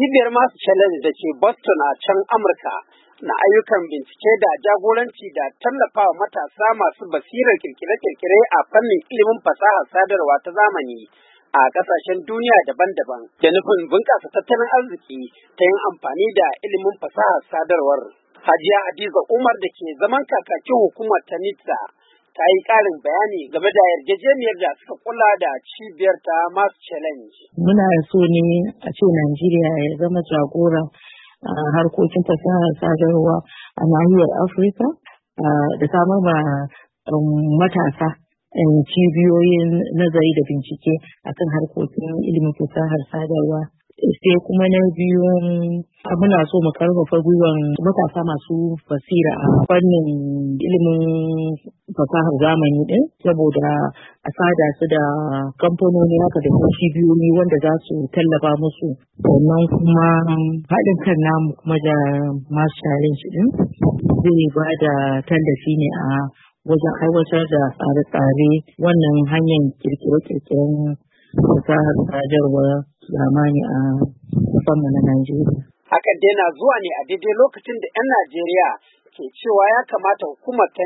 Cibiyar masu challenge da ke Boston a can Amurka na ayyukan bincike da jagoranci da tallafawa matasa masu basirar kirkire-kirkire a fannin ilimin fasahar sadarwa ta zamani a kasashen duniya daban-daban da nufin bunƙasa tattalin arziki ta yin amfani da ilimin fasahar sadarwar. Hajiya Adiza Umar da ke zaman kakakin hukumar ta NITSA ta yi ƙarin bayani game da yarjejeniyar da suka kula da cibiyar ta mass challenge. Muna so ne a ce Najeriya ya zama jagora a harkokin fasahar sadarwa a nahiyar Afirka da samar ma um, matasa um, cibiyoyin nazari da bincike a kan harkokin ilimin fasahar sadarwa. sai kuma na biyu um, muna so mu karfafa gwiwan matasa masu basira a fannin ilimin fasahar zamani ɗin saboda a sada su da kamfanoni haka da cibiyoyi wanda za su tallafa musu sannan kuma haɗin kan namu kuma da masu challenge ɗin. zai ba da tallafi ne a wajen aiwatar da tsare-tsare wannan hanyar kirkire-kirkiren fasahar sadarwar zamani a musamman na Najeriya. Hakan dai na zuwa ne a daidai lokacin da 'yan Najeriya ke cewa ya kamata hukumar ta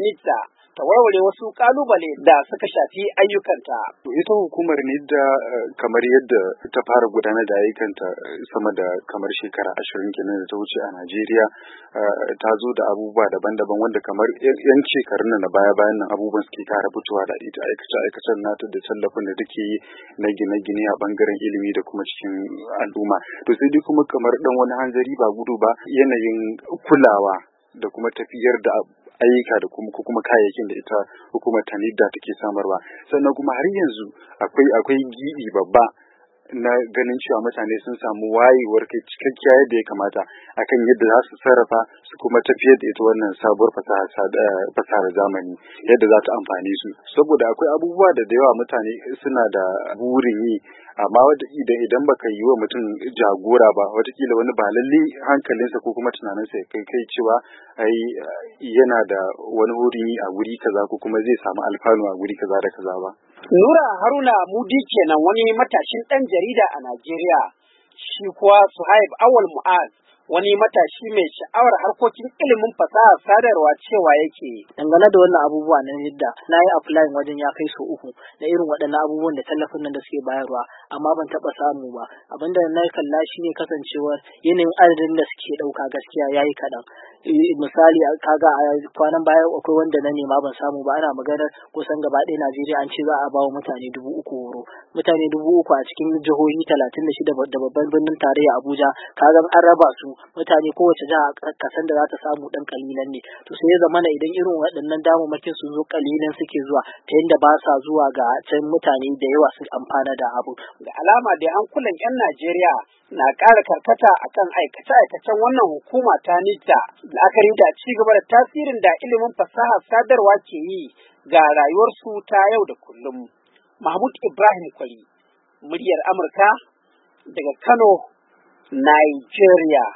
ta wasu kalubale da suka shafi ayyukanta. Ita hukumar ne da eh, kamar yadda ta fara gudanar da ayyukanta eh, sama da kamar shekara ashirin kenan da ta wuce a Najeriya eh, ta zo da abubuwa daban-daban wanda kamar yan shekarun na baya-bayan nan abubuwan suke kara fitowa da ita aikace-aikacen nata da tallafin da take yi na gine-gine a bangaren ilimi da kuma cikin al'umma. To sai dai kuma kamar ɗan wani hanzari ba gudu ba yanayin kulawa da kuma tafiyar da ayyuka da kuma kuma kayayyakin da ita hukumar ta take samarwa sannan kuma har yanzu akwai akwai gidi babba na ganin cewa mutane sun samu wayewar kai cikakkiya yadda ya kamata akan yadda za su sarrafa su kuma tafiyar da ita wannan sabuwar eh, fasahar zamani yadda za ta amfani su saboda akwai abubuwa da da yawa mutane suna da burin yi amma wadda idan idan baka yi wa mutum jagora ba watakila wani ba lalle hankalinsa ko kuma tunaninsa ya kai kai cewa ai yana da wani wuri a wuri kaza ko kuma zai samu alfanu a guri kaza da kaza ba Nura Haruna Mudi kenan wani matashin dan jarida a Najeriya shi kuwa Suhaib Awal Mu'az wani matashi mai sha'awar harkokin ilimin fasaha sadarwa cewa yake dangane da wannan abubuwa na yadda na yi apply wajen ya kai su uku na irin waɗannan abubuwan da tallafin nan da suke bayarwa amma ban taɓa samu ba abinda na yi kalla shine kasancewar yanayin adadin da suke ɗauka gaskiya ya yi kaɗan misali kaga a kwanan baya akwai wanda na nema ban samu ba ana maganar kusan gaba ɗaya Najeriya an ce za a bawa mutane dubu uku horo mutane dubu uku a cikin jihohi talatin da shida da babban birnin tarayya Abuja kaga an raba su mutane kowace jiha kasan da za ta samu ɗan kalilan ne to sai ya zamana idan irin waɗannan makin su zo kalilan suke zuwa ta yadda ba sa zuwa ga can mutane da yawa sun amfana da abu da alama da an kulan 'yan Najeriya na ƙara karkata a kan aikace-aikacen wannan hukuma ta nita la'akari da ci gaba da tasirin da ilimin fasaha sadarwa ke yi ga rayuwarsu ta yau da kullum. Mahmud Ibrahim Kwari, muryar Amurka daga Kano, Nigeria.